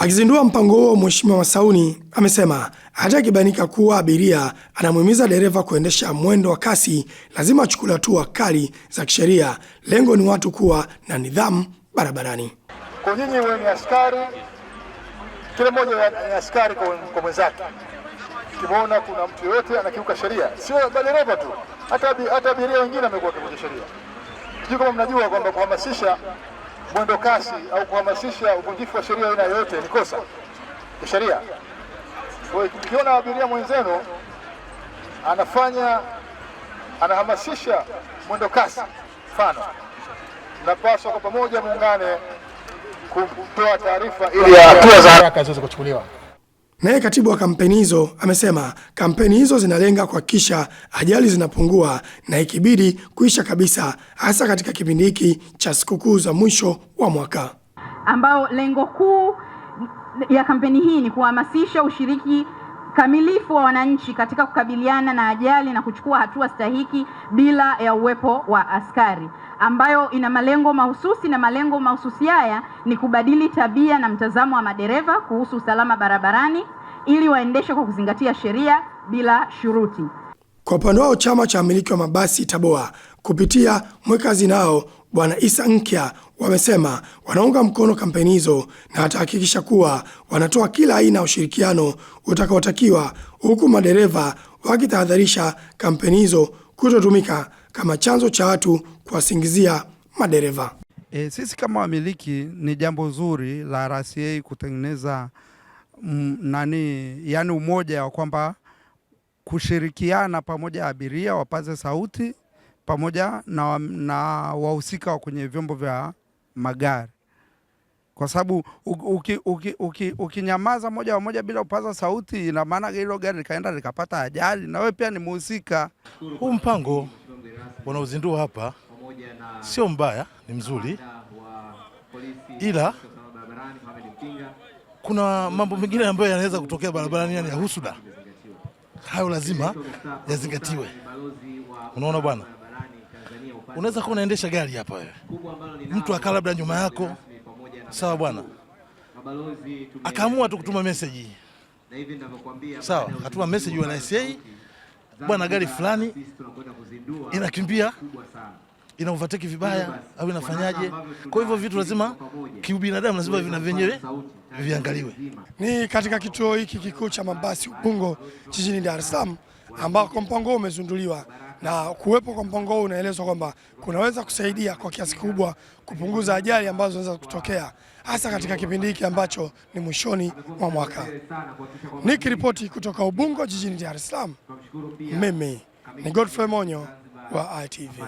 Akizindua mpango huo, Mheshimiwa Masauni amesema hata kibanika kuwa abiria anamhimiza dereva kuendesha mwendo wa kasi, lazima achukue hatua kali za kisheria. Lengo ni watu kuwa na nidhamu barabarani. Kwa nyinyi wewe ni askari, kila mmoja ni askari kwa mwenzake. Ukimwona kuna mtu yoyote anakiuka sheria, sio dereva tu, hata abiria wengine amekuwa akivuja sheria. Sijui kama mnajua kwamba kuhamasisha mwendokasi au kuhamasisha uvunjifu wa sheria aina yoyote ni kosa ya sheria. Kwa hiyo abiria mwenzenu anafanya anahamasisha mwendokasi mfano, mnapaswa kwa pamoja muungane kutoa taarifa ili hatua za haraka ziweze kuchukuliwa. Naye katibu wa kampeni hizo amesema kampeni hizo zinalenga kuhakikisha ajali zinapungua na ikibidi kuisha kabisa, hasa katika kipindi hiki cha sikukuu za mwisho wa mwaka, ambao lengo kuu ya kampeni hii ni kuhamasisha ushiriki kamilifu wa wananchi katika kukabiliana na ajali na kuchukua hatua stahiki bila ya uwepo wa askari ambayo ina malengo mahususi na malengo mahususi haya ni kubadili tabia na mtazamo wa madereva kuhusu usalama barabarani ili waendeshe kwa kuzingatia sheria bila shuruti. Kwa upande wao chama cha wamiliki wa mabasi Taboa kupitia mwekazi nao Bwana Isa Nkya wamesema wanaunga mkono kampeni hizo na watahakikisha kuwa wanatoa kila aina ya ushirikiano utakaotakiwa, huku madereva wakitahadharisha kampeni hizo kutotumika kama chanzo cha watu kuwasingizia madereva. E, sisi kama wamiliki ni jambo zuri la RCA kutengeneza mm, nani, yani umoja wa kwamba kushirikiana pamoja abiria, wapaze sauti pamoja na, na wahusika wa kwenye vyombo vya magari, kwa sababu ukinyamaza uki, uki, uki moja kwa moja bila kupaza sauti, ina maana hilo gari likaenda likapata ajali na wewe pia ni muhusika. Huu mpango wanaozindua hapa sio mbaya, ni mzuri, ila kuna mambo mengine ambayo yanaweza kutokea barabarani, yani ya husuda hayo lazima yazingatiwe. Unaona bwana, unaweza kuwa unaendesha gari hapa wewe, mtu akaa labda nyuma yako, sawa bwana, akaamua tu kutuma meseji, sawa, katuma meseji NSA bwana, gari fulani inakimbia ina overtake vibaya au inafanyaje? Kwa hivyo vitu lazima kiubinadamu, lazima vina vyenyewe viangaliwe. Ni katika kituo hiki kikuu cha mabasi Ubungo jijini Dar es Salaam ambako mpango huu umezinduliwa na kuwepo kwa mpango huu unaelezwa kwamba kunaweza kusaidia kwa kiasi kikubwa kupunguza ajali ambazo zinaweza kutokea hasa katika kipindi hiki ambacho ni mwishoni mwa mwaka. Nikiripoti kutoka Ubungo jijini Dar es Salaam, mimi ni Godfrey Monyo. wa ITV.